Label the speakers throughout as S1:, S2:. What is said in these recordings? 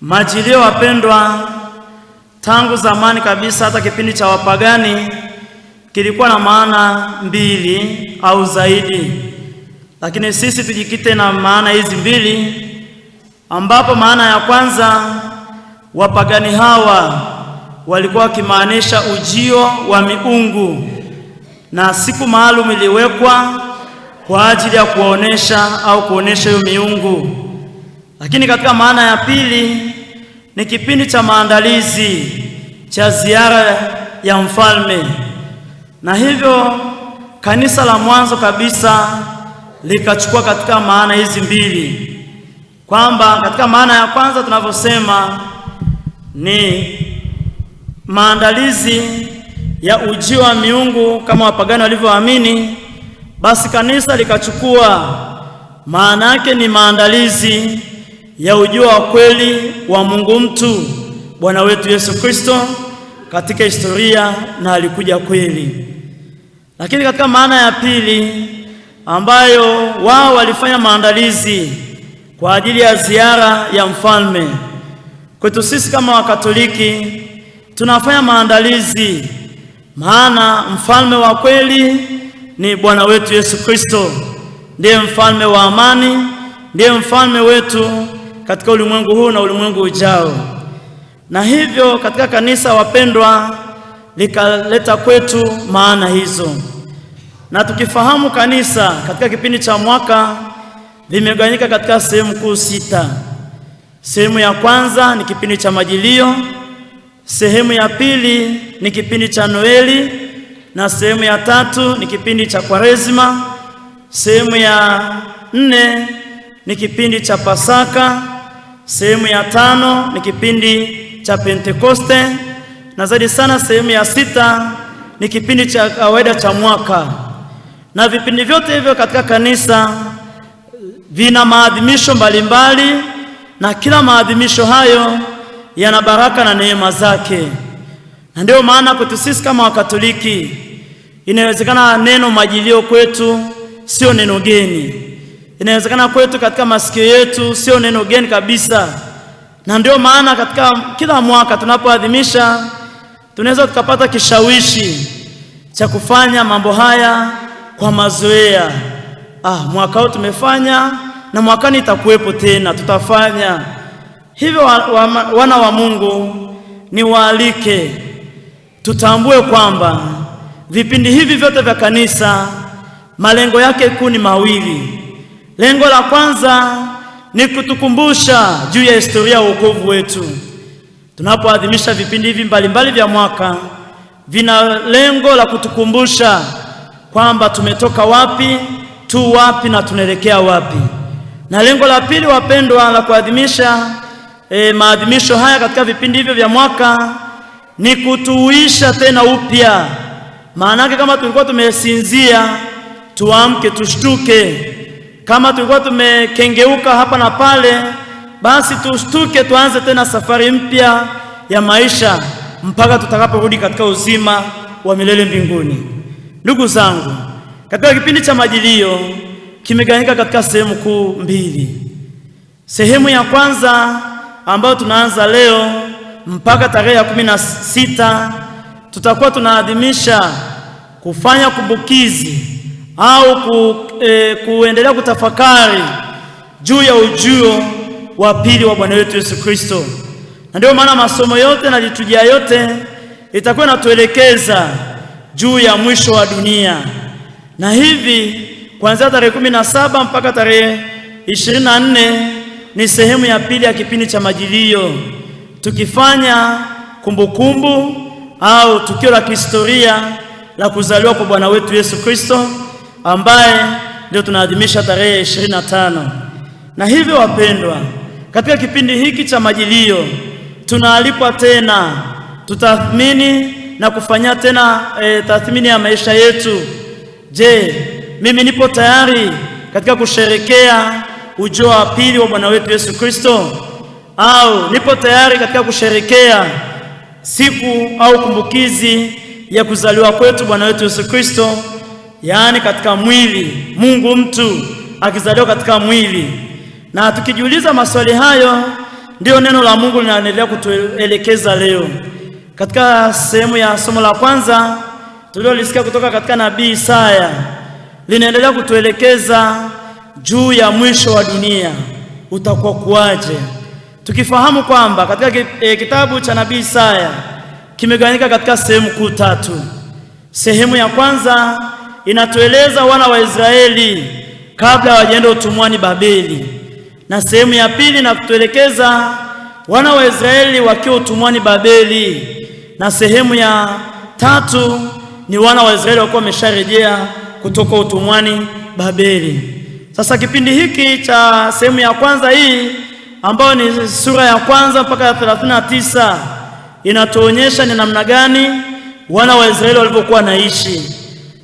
S1: Majilio wapendwa, tangu zamani kabisa, hata kipindi cha wapagani kilikuwa na maana mbili au zaidi, lakini sisi tujikite na maana hizi mbili, ambapo maana ya kwanza wapagani hawa walikuwa wakimaanisha ujio wa miungu, na siku maalum iliwekwa kwa ajili ya kuonesha au kuonesha hiyo miungu lakini katika maana ya pili ni kipindi cha maandalizi cha ziara ya mfalme, na hivyo kanisa la mwanzo kabisa likachukua katika maana hizi mbili, kwamba katika maana ya kwanza tunavyosema ni maandalizi ya ujio wa miungu kama wapagani walivyoamini, basi kanisa likachukua maana yake ni maandalizi ya ujua wa kweli wa Mungu mtu Bwana wetu Yesu Kristo katika historia na alikuja kweli. Lakini katika maana ya pili ambayo wao walifanya maandalizi kwa ajili ya ziara ya mfalme, kwetu sisi kama Wakatoliki tunafanya maandalizi, maana mfalme wa kweli ni Bwana wetu Yesu Kristo, ndiye mfalme wa amani, ndiye mfalme wetu katika ulimwengu huu na ulimwengu ujao. Na hivyo katika kanisa, wapendwa, likaleta kwetu maana hizo, na tukifahamu kanisa katika kipindi cha mwaka limegawanyika katika sehemu kuu sita. Sehemu ya kwanza ni kipindi cha majilio, sehemu ya pili ni kipindi cha Noeli, na sehemu ya tatu ni kipindi cha Kwaresima, sehemu ya nne ni kipindi cha Pasaka Sehemu ya tano ni kipindi cha Pentekoste na zaidi sana sehemu ya sita ni kipindi cha kawaida cha mwaka, na vipindi vyote hivyo katika kanisa vina maadhimisho mbalimbali, na kila maadhimisho hayo yana baraka na neema zake, na ndio maana kwetu sisi kama Wakatoliki inawezekana neno majilio kwetu sio neno geni inawezekana kwetu katika masikio yetu sio neno geni kabisa, na ndio maana katika kila mwaka tunapoadhimisha tunaweza tukapata kishawishi cha kufanya mambo haya kwa mazoea. Ah, mwaka huu tumefanya na mwakani itakuwepo tena, tutafanya hivyo. Wa, wa, wana wa Mungu ni waalike tutambue kwamba vipindi hivi vyote vya kanisa malengo yake kuu ni mawili Lengo la kwanza ni kutukumbusha juu ya historia ya wokovu wetu. Tunapoadhimisha vipindi hivi mbalimbali vya mwaka, vina lengo la kutukumbusha kwamba tumetoka wapi, tu wapi na tunaelekea wapi. Na lengo la pili, wapendwa, la kuadhimisha e, maadhimisho haya katika vipindi hivyo vya mwaka ni kutuisha tena upya. Maana yake kama tulikuwa tumesinzia, tuamke, tushtuke kama tulikuwa tumekengeuka hapa na pale, basi tushtuke, tuanze tena safari mpya ya maisha mpaka tutakaporudi katika uzima wa milele mbinguni. Ndugu zangu, katika kipindi cha majilio kimegawanyika katika sehemu kuu mbili. Sehemu ya kwanza ambayo tunaanza leo mpaka tarehe ya kumi na sita tutakuwa tunaadhimisha kufanya kumbukizi au ku, e, kuendelea kutafakari juu ya ujio wa pili wa Bwana wetu Yesu Kristo. Na ndio maana masomo yote na litujia yote itakuwa inatuelekeza juu ya mwisho wa dunia, na hivi kuanzia tarehe kumi na saba mpaka tarehe ishirini na nne ni sehemu ya pili ya kipindi cha Majilio, tukifanya kumbukumbu kumbu, au tukio la kihistoria la kuzaliwa kwa Bwana wetu Yesu Kristo ambaye ndio tunaadhimisha tarehe 25. na tano. Na hivyo wapendwa, katika kipindi hiki cha Majilio tunaalikwa tena tutathmini na kufanya tena e, tathmini ya maisha yetu. Je, mimi nipo tayari katika kusherekea ujio wa pili wa Bwana wetu Yesu Kristo, au nipo tayari katika kusherekea siku au kumbukizi ya kuzaliwa kwetu Bwana wetu Yesu Kristo yaani katika mwili, Mungu mtu akizaliwa katika mwili. Na tukijiuliza maswali hayo, ndiyo neno la Mungu linaendelea kutuelekeza leo katika sehemu ya somo la kwanza tulilolisikia kutoka katika nabii Isaya linaendelea kutuelekeza juu ya mwisho wa dunia utakuwa kuwaje, tukifahamu kwamba katika e, kitabu cha nabii Isaya kimegawanyika katika sehemu kuu tatu. Sehemu ya kwanza inatueleza wana wa Israeli kabla hawajaenda utumwani Babeli, na sehemu ya pili natuelekeza wana wa Israeli wakiwa utumwani Babeli, na sehemu ya tatu ni wana wa Israeli wakiwa wamesharejea kutoka utumwani Babeli. Sasa kipindi hiki cha sehemu ya kwanza hii ambayo ni sura ya kwanza mpaka ya 39 inatuonyesha ni namna gani wana wa Israeli walivyokuwa naishi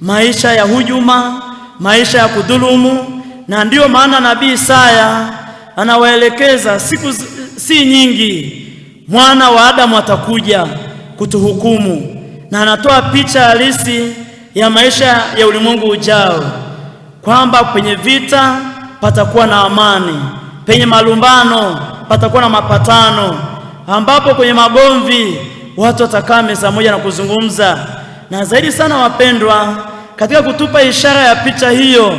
S1: maisha ya hujuma, maisha ya kudhulumu. Na ndiyo maana nabii Isaya anawaelekeza siku si nyingi mwana wa Adamu atakuja kutuhukumu, na anatoa picha halisi ya maisha ya ulimwengu ujao, kwamba penye vita patakuwa na amani, penye malumbano patakuwa na mapatano, ambapo kwenye magomvi watu watakaa meza moja na kuzungumza. Na zaidi sana, wapendwa, katika kutupa ishara ya picha hiyo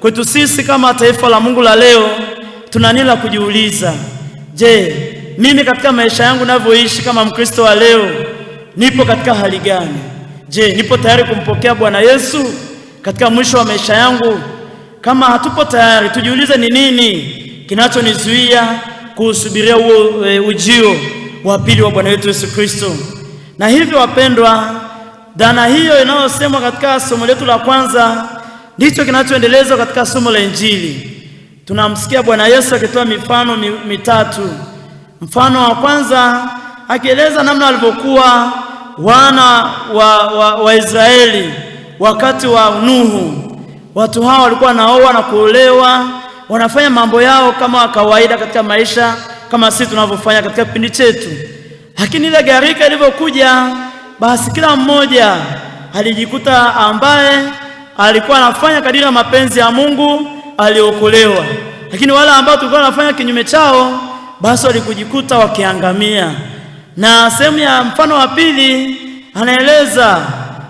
S1: kwetu sisi kama taifa la Mungu la leo, tuna nini la kujiuliza? Je, mimi katika maisha yangu ninavyoishi kama Mkristo wa leo nipo katika hali gani? Je, nipo tayari kumpokea Bwana Yesu katika mwisho wa maisha yangu? Kama hatupo tayari, tujiulize ni nini kinachonizuia kuusubiria huo eh, ujio wa pili wa Bwana wetu Yesu Kristo. Na hivyo wapendwa Dhana hiyo inayosemwa katika somo letu la kwanza ndicho kinachoendelezwa katika somo la Injili. Tunamsikia Bwana Yesu akitoa mifano mitatu. Mfano wa kwanza akieleza namna walivyokuwa wana wa Waisraeli wa wakati wa Nuhu. Watu hao walikuwa wanaoa na kuolewa, wanafanya mambo yao kama kawaida katika maisha, kama sisi tunavyofanya katika kipindi chetu, lakini ile gharika ilivyokuja basi kila mmoja alijikuta ambaye alikuwa anafanya kadiri ya mapenzi ya Mungu aliokolewa, lakini wale ambao tulikuwa wanafanya kinyume chao, basi walikujikuta wakiangamia. Na sehemu ya mfano wa pili anaeleza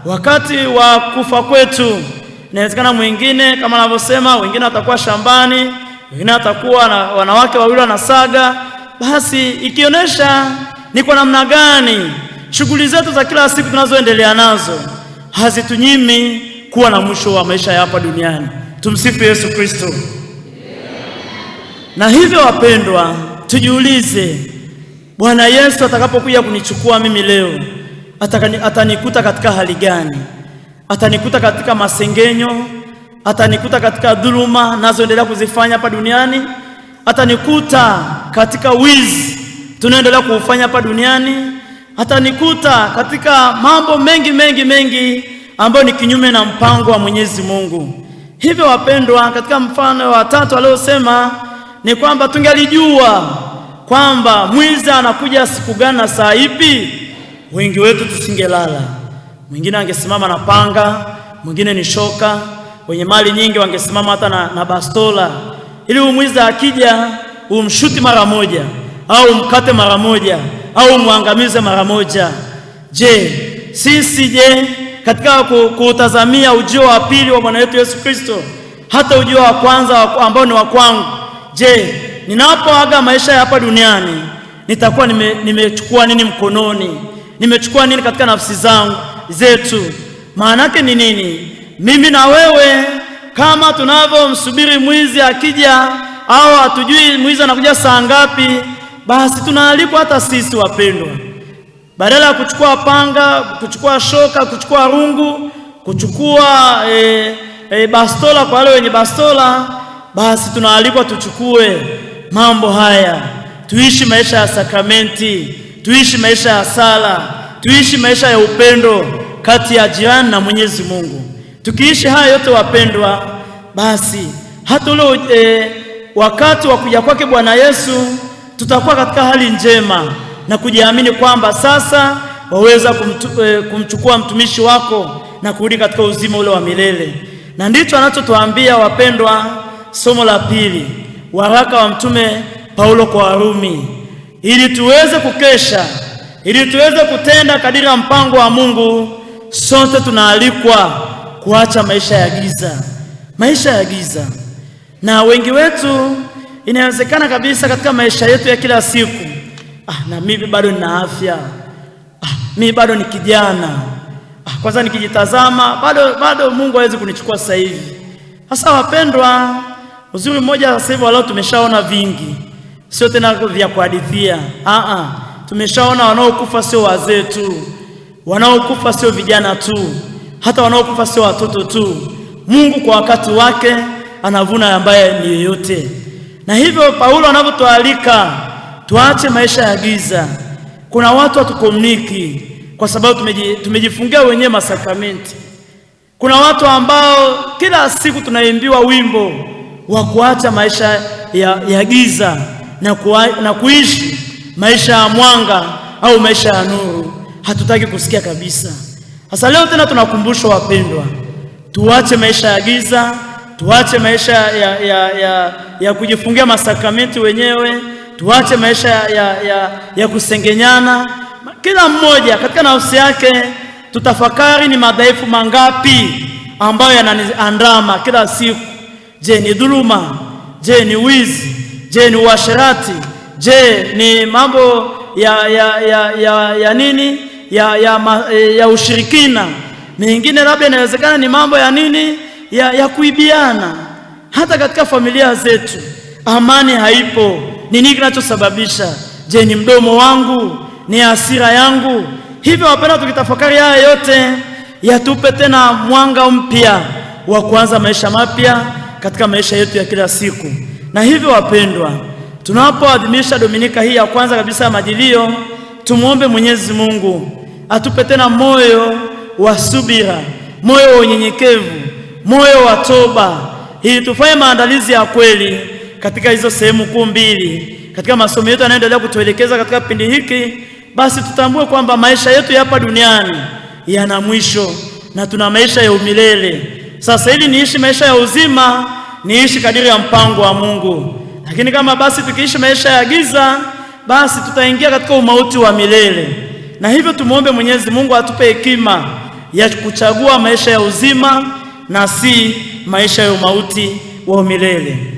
S1: wakati wa kufa kwetu, inawezekana mwingine kama anavyosema, wengine watakuwa shambani, wengine watakuwa na wanawake wawili wanasaga, basi ikionyesha ni kwa namna gani shughuli zetu za kila siku tunazoendelea nazo hazitunyimi kuwa na mwisho wa maisha ya hapa duniani. Tumsifu Yesu Kristo. Na hivyo wapendwa, tujiulize, Bwana Yesu atakapokuja kunichukua mimi leo atakani, atanikuta katika hali gani? Atanikuta katika masengenyo? Atanikuta katika dhuluma nazoendelea kuzifanya hapa duniani? Atanikuta katika wizi tunaendelea kuufanya hapa duniani? atanikuta katika mambo mengi mengi mengi ambayo ni kinyume na mpango wa Mwenyezi Mungu. Hivyo wapendwa, katika mfano wa tatu aliosema ni kwamba tungelijua kwamba mwizi anakuja siku gani na saa ipi, wengi wetu tusingelala. Mwingine angesimama na panga, mwingine ni shoka, wenye mali nyingi wangesimama hata na, na bastola, ili mwizi akija umshuti mara moja au mkate mara moja au mwangamize mara moja. Je, sisi je, katika kuutazamia ujio wa pili wa Bwana wetu Yesu Kristo, hata ujio wa kwanza ambao ni wa kwangu, je, ninapoaga maisha ya hapa duniani nitakuwa nimechukua nime nini mkononi, nimechukua nini katika nafsi zangu zetu? Maana yake ni nini? Mimi na wewe kama tunavyomsubiri mwizi akija, au hatujui mwizi anakuja saa ngapi basi tunaalikwa hata sisi wapendwa, badala ya kuchukua panga, kuchukua shoka, kuchukua rungu, kuchukua e, e, bastola kwa wale wenye bastola, basi tunaalikwa tuchukue mambo haya, tuishi maisha ya sakramenti, tuishi maisha ya sala, tuishi maisha ya upendo kati ya jirani na Mwenyezi Mungu. Tukiishi haya yote wapendwa, basi hata ule e, eh, wakati wa kuja kwake Bwana Yesu tutakuwa katika hali njema na kujiamini kwamba sasa waweza kumtu, e, kumchukua mtumishi wako na kurudi katika uzima ule wa milele. Na ndicho anachotuambia wapendwa, somo la pili, waraka wa mtume Paulo kwa Warumi, ili tuweze kukesha, ili tuweze kutenda kadiri ya mpango wa Mungu. Sote tunaalikwa kuacha maisha ya giza, maisha ya giza, na wengi wetu Inawezekana kabisa katika maisha yetu ya kila siku. Ah, na mimi bado nina afya. Ah, mimi bado ni kijana. Ah, kwanza nikijitazama bado, bado Mungu hawezi kunichukua sasa hivi. Sasa wapendwa, uzuri mmoja sasa hivi walao tumeshaona vingi, sio tena vya kuhadithia. Aa, tumeshaona wanaokufa sio wazee tu, wanaokufa sio vijana tu, hata wanaokufa sio watoto tu. Mungu kwa wakati wake anavuna ambaye ni yoyote. Na hivyo Paulo anavyotualika tuache maisha ya giza. Kuna watu hatukomuniki kwa sababu tumejifungia wenyewe masakramenti. Kuna watu ambao kila siku tunaimbiwa wimbo wa kuacha maisha ya, ya giza na, kuwa, na kuishi maisha ya mwanga au maisha ya nuru. Hatutaki kusikia kabisa. Sasa leo tena tunakumbushwa wapendwa, tuache maisha ya giza tuache maisha ya, ya, ya, ya kujifungia masakramenti wenyewe, tuache maisha ya, ya, ya kusengenyana. Kila mmoja katika nafsi yake tutafakari ni madhaifu mangapi ambayo yananiandama kila siku. Je, ni dhuluma? Je, ni wizi? Je, ni uasherati? Je, ni mambo ya, ya, ya, ya, ya nini ya, ya, ya, ya ushirikina? Mingine labda inawezekana ni mambo ya nini ya, ya kuibiana hata katika familia zetu. Amani haipo. Ni nini kinachosababisha? Je, ni mdomo wangu? Ni hasira yangu? Hivyo wapenda, tukitafakari haya yote yatupe tena mwanga mpya wa kuanza maisha mapya katika maisha yetu ya kila siku. Na hivyo wapendwa, tunapoadhimisha Dominika hii ya kwanza kabisa ya Majilio, tumwombe Mwenyezi Mungu atupe tena moyo wa subira, moyo wa unyenyekevu moyo wa toba, ili tufanye maandalizi ya kweli katika hizo sehemu kuu mbili katika masomo yetu yanayoendelea kutuelekeza katika kipindi hiki. Basi tutambue kwamba maisha yetu ya hapa duniani yana mwisho na tuna maisha ya umilele. Sasa ili niishi maisha ya uzima, niishi kadiri ya mpango wa Mungu, lakini kama basi tukiishi maisha ya giza, basi tutaingia katika umauti wa milele. Na hivyo tumwombe Mwenyezi Mungu atupe hekima ya kuchagua maisha ya uzima na si maisha ya umauti wa milele.